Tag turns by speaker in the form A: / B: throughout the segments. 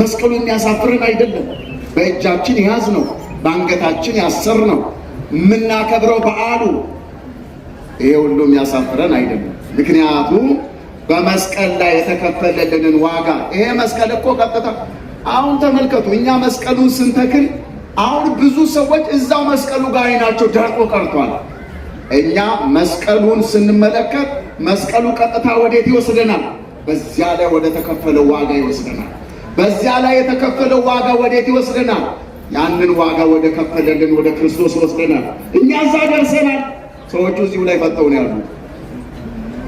A: መስቀሉ የሚያሳፍርን አይደለም። በእጃችን የያዝ ነው፣ በአንገታችን ያሰር ነው። የምናከብረው በዓሉ ይሄ ሁሉ የሚያሳፍረን አይደለም። ምክንያቱም በመስቀል ላይ የተከፈለልንን ዋጋ ይሄ መስቀል እኮ ቀጥታ አሁን ተመልከቱ። እኛ መስቀሉን ስንተክል አሁን ብዙ ሰዎች እዛው መስቀሉ ጋር አይናቸው ደርቆ ቀርቷል። እኛ መስቀሉን ስንመለከት መስቀሉ ቀጥታ ወዴት ይወስደናል? በዚያ ላይ ወደ ተከፈለው ዋጋ ይወስደናል። በዚያ ላይ የተከፈለው ዋጋ ወዴት ይወስደናል? ያንን ዋጋ ወደ ከፈለልን ወደ ክርስቶስ ይወስደናል። እኛ እዛ ደርሰናል። ሰዎቹ እዚሁ ላይ ፈጠው ነው ያሉ።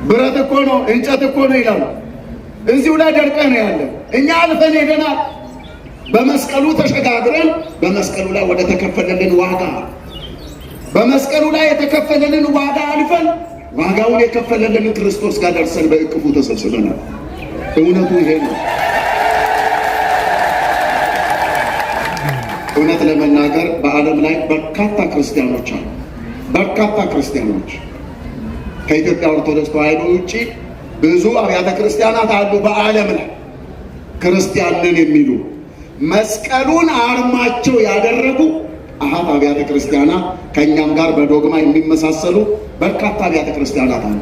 A: ብረት እኮ ነው እንጨት እኮ ነው ይላሉ። እዚሁ ላይ ደርቀ ነው ያለ። እኛ አልፈን ሄደናል። በመስቀሉ ተሸጋግረን በመስቀሉ ላይ ወደ ተከፈለልን ዋጋ በመስቀሉ ላይ የተከፈለልን ዋጋ አልፈን ዋጋውን የከፈለልን ክርስቶስ ጋር ደርሰን በእቅፉ ተሰብስበናል። እውነቱ ይሄ ነው። እውነት ለመናገር በዓለም ላይ በርካታ ክርስቲያኖች አሉ። በርካታ ክርስቲያኖች ከኢትዮጵያ ኦርቶዶክስ ተዋሕዶ ውጭ ብዙ አብያተ ክርስቲያናት አሉ። በዓለም ላይ ክርስቲያንን የሚሉ መስቀሉን አርማቸው ያደረጉ አሃት አብያተ ክርስቲያናት ከእኛም ጋር በዶግማ የሚመሳሰሉ በርካታ አብያተ ክርስቲያናት አሉ።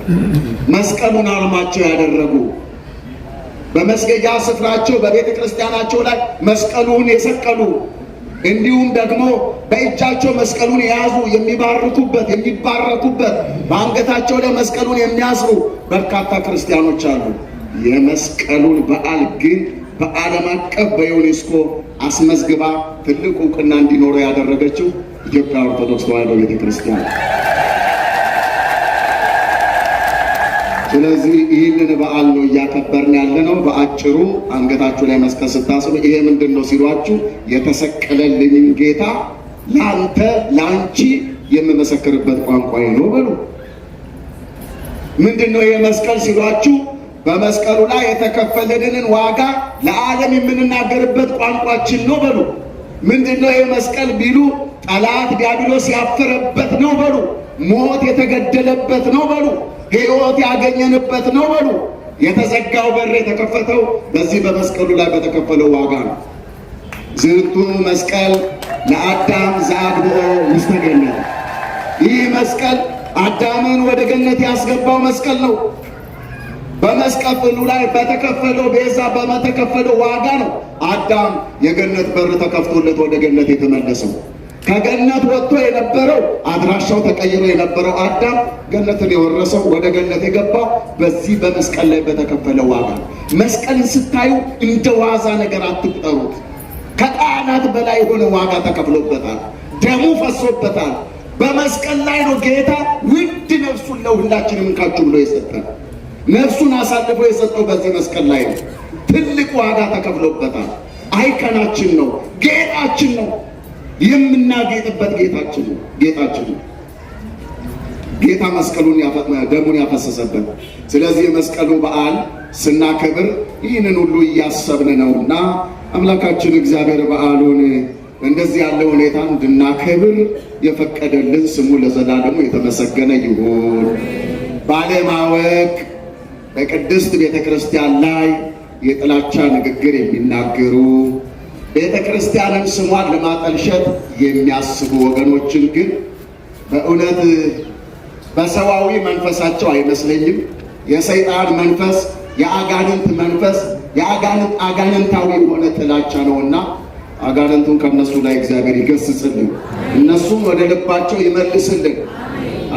A: መስቀሉን አርማቸው ያደረጉ በመስገጃ ስፍራቸው በቤተ ክርስቲያናቸው ላይ መስቀሉን የሰቀሉ እንዲሁም ደግሞ በእጃቸው መስቀሉን የያዙ የሚባርኩበት የሚባረኩበት በአንገታቸው ላይ መስቀሉን የሚያስሩ በርካታ ክርስቲያኖች አሉ። የመስቀሉን በዓል ግን በዓለም አቀፍ በዩኔስኮ አስመዝግባ ትልቅ እውቅና እንዲኖረው ያደረገችው ኢትዮጵያ ኦርቶዶክስ ተዋሕዶ ቤተ ክርስቲያን ስለዚህ ይህንን በዓል ነው እያከበርን ያለ ነው። በአጭሩ አንገታችሁ ላይ መስቀል ስታስሩ ይሄ ምንድን ነው ሲሏችሁ የተሰቀለልኝን ጌታ ለአንተ ለአንቺ የምመሰክርበት ቋንቋዬ ነው በሉ። ምንድን ነው ይሄ መስቀል ሲሏችሁ በመስቀሉ ላይ የተከፈለልንን ዋጋ ለዓለም የምንናገርበት ቋንቋችን ነው በሉ። ምንድን ነው ይሄ መስቀል ቢሉ ጠላት ዲያብሎስ ያፈረበት ነው በሉ። ሞት የተገደለበት ነው በሉ፣ ሕይወት ያገኘንበት ነው በሉ። የተዘጋው በር የተከፈተው በዚህ በመስቀሉ ላይ በተከፈለው ዋጋ ነው። ዝንቱ መስቀል ለአዳም ዘአግብኦ ውስተ ገነት። ይህ መስቀል አዳምን ወደ ገነት ያስገባው መስቀል ነው። በመስቀሉ ላይ በተከፈለው ቤዛ በመተከፈለው ዋጋ ነው አዳም የገነት በር ተከፍቶለት ወደ ገነት የተመለሰው። ከገነት ወጥቶ የነበረው አድራሻው ተቀይሮ የነበረው አዳም ገነትን የወረሰው ወደ ገነት የገባው በዚህ በመስቀል ላይ በተከፈለ ዋጋ። መስቀልን ስታዩ እንደ ዋዛ ነገር አትቁጠሩት። ከቃላት በላይ የሆነ ዋጋ ተከፍሎበታል። ደሙ ፈሶበታል። በመስቀል ላይ ነው ጌታ ውድ ነፍሱን ለሁላችንም እንካችሁ ብሎ የሰጠን። ነፍሱን አሳልፎ የሰጠው በዚህ መስቀል ላይ ነው። ትልቅ ዋጋ ተከፍሎበታል። አይከናችን ነው፣ ጌጣችን ነው። የምናጌጥበት ጌታችን ጌታችን ጌታ መስቀሉን ደሙን ያፈሰሰበት። ስለዚህ የመስቀሉ በዓል ስናከብር ይህንን ሁሉ እያሰብን ነውና አምላካችን እግዚአብሔር በዓሉን እንደዚህ ያለ ሁኔታ እንድናከብር የፈቀደልን ስሙ ለዘላለሙ የተመሰገነ ይሁን። ባለማወቅ በቅድስት ቤተ ክርስቲያን ላይ የጥላቻ ንግግር የሚናገሩ ቤተ ክርስቲያንን ስሟን ለማጠልሸት የሚያስቡ ወገኖችን ግን በእውነት በሰዋዊ መንፈሳቸው አይመስለኝም። የሰይጣን መንፈስ፣ የአጋንንት መንፈስ፣ የአጋንንት አጋንንታዊ የሆነ ጥላቻ ነውና አጋንንቱን ከነሱ ላይ እግዚአብሔር ይገስጽልን፣ እነሱም ወደ ልባቸው ይመልስልን።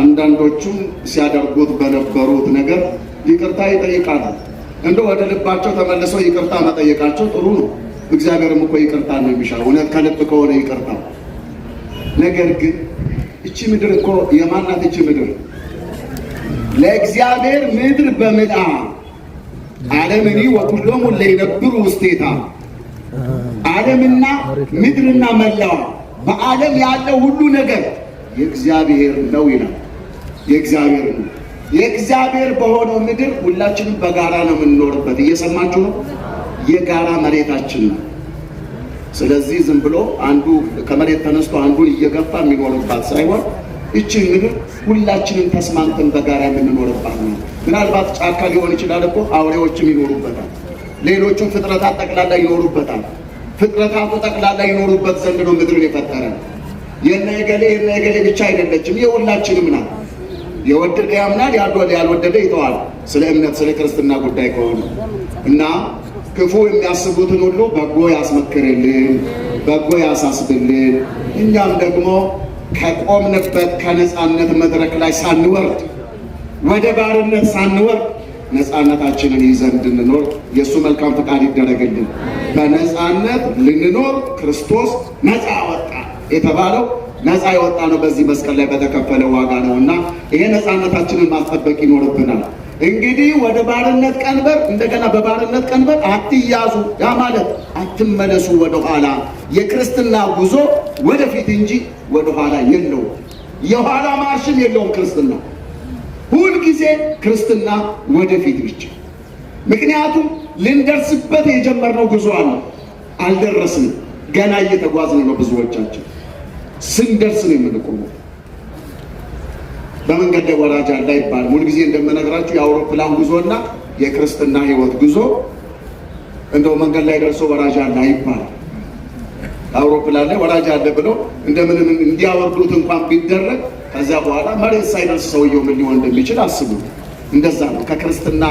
A: አንዳንዶቹም ሲያደርጉት በነበሩት ነገር ይቅርታ ይጠይቃሉ። እንደ ወደ ልባቸው ተመልሰው ይቅርታ መጠየቃቸው ጥሩ ነው። እግዚአብሔርም እኮ ይቅርታ ነው የሚሻው፣ እውነት ከልብ ከሆነ ይቅርታ። ነገር ግን እቺ ምድር እኮ የማናት? እቺ ምድር ለእግዚአብሔር ምድር በምጣ ዓለምኒ ወኩሎሙ ለይነብሩ ውስቴታ፣ ዓለምና ምድርና መላዋ በዓለም ያለው ሁሉ ነገር የእግዚአብሔር ነው ይላል። የእግዚአብሔር ነው። የእግዚአብሔር በሆነው ምድር ሁላችንም በጋራ ነው የምንኖርበት። እየሰማችሁ ነው። የጋራ መሬታችን ነው። ስለዚህ ዝም ብሎ አንዱ ከመሬት ተነስቶ አንዱን እየገፋ የሚኖርባት ሳይሆን ይችን ምድር ሁላችንም ተስማምተን በጋራ የምንኖርባት ነው። ምናልባት ጫካ ሊሆን ይችላል እኮ አውሬዎችም ይኖሩበታል። ሌሎቹም ፍጥረታት ጠቅላላ ይኖሩበታል። ፍጥረታቱ ጠቅላላ ይኖሩበት ዘንድ ነው ምድርን የፈጠረ። የነ ገሌ የነ ገሌ ብቻ አይደለችም፣ የሁላችንም ናት። የወደደ ያምናል፣ ያልወደደ ይተዋል። ስለ እምነት ስለ ክርስትና ጉዳይ ከሆነ እና ክፉ የሚያስቡትን ሁሉ በጎ ያስመክርልን፣ በጎ ያሳስብልን። እኛም ደግሞ ከቆምንበት ከነፃነት መድረክ ላይ ሳንወርድ ወደ ባርነት ሳንወርድ ነፃነታችንን ይዘን እንድንኖር የእሱ መልካም ፈቃድ ይደረግልን። በነፃነት ልንኖር ክርስቶስ ነፃ ወጣ የተባለው ነፃ የወጣ ነው በዚህ መስቀል ላይ በተከፈለ ዋጋ ነው እና ይሄ ነፃነታችንን ማስጠበቅ ይኖርብናል። እንግዲህ ወደ ባርነት ቀንበር እንደገና በባርነት ቀንበር አትያዙ። ያ ማለት አትመለሱ ወደኋላ። የክርስትና ጉዞ ወደፊት እንጂ ወደኋላ የለውም። የኋላ ማርሽም የለውም ክርስትና። ሁልጊዜ ክርስትና ወደፊት ብቻ። ምክንያቱም ልንደርስበት የጀመርነው ጉዞ አለ፣ አልደረስንም። ገና እየተጓዝን ነው። ብዙዎቻችን ስንደርስ ነው የምንቆመው። በመንገድ ላይ ወላጅ አለ ሙሉ ጊዜ እንደምነግራችሁ የአውሮፕላን ጉዞና የክርስትና ህይወት ጉዞ እንደው መንገድ ላይ ደርሶ ወላጅ አለ ይባል። አውሮፕላን ላይ ወላጅ አለ ብለው እንደምንም እንዲያወርዱት እንኳን ቢደረግ ከዚያ በኋላ መሬት ሳይደርስ ሰውየው ምን ሊሆን እንደሚችል አስቡት። እንደዛ ነው። ከክርስትና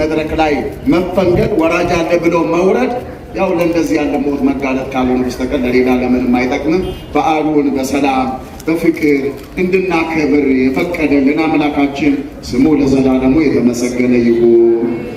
A: መድረክ ላይ መፈንገድ፣ ወራጅ አለ ብለው መውረድ ያው ለእንደዚህ ያለ ሞት መጋለጥ ካልሆነ በስተቀር ለሌላ ለምንም አይጠቅምም። በዓሉን በሰላም በፍቅር እንድናከብር የፈቀደልን አምላካችን ስሙ ለዘላለሙ የተመሰገነ ይሁን።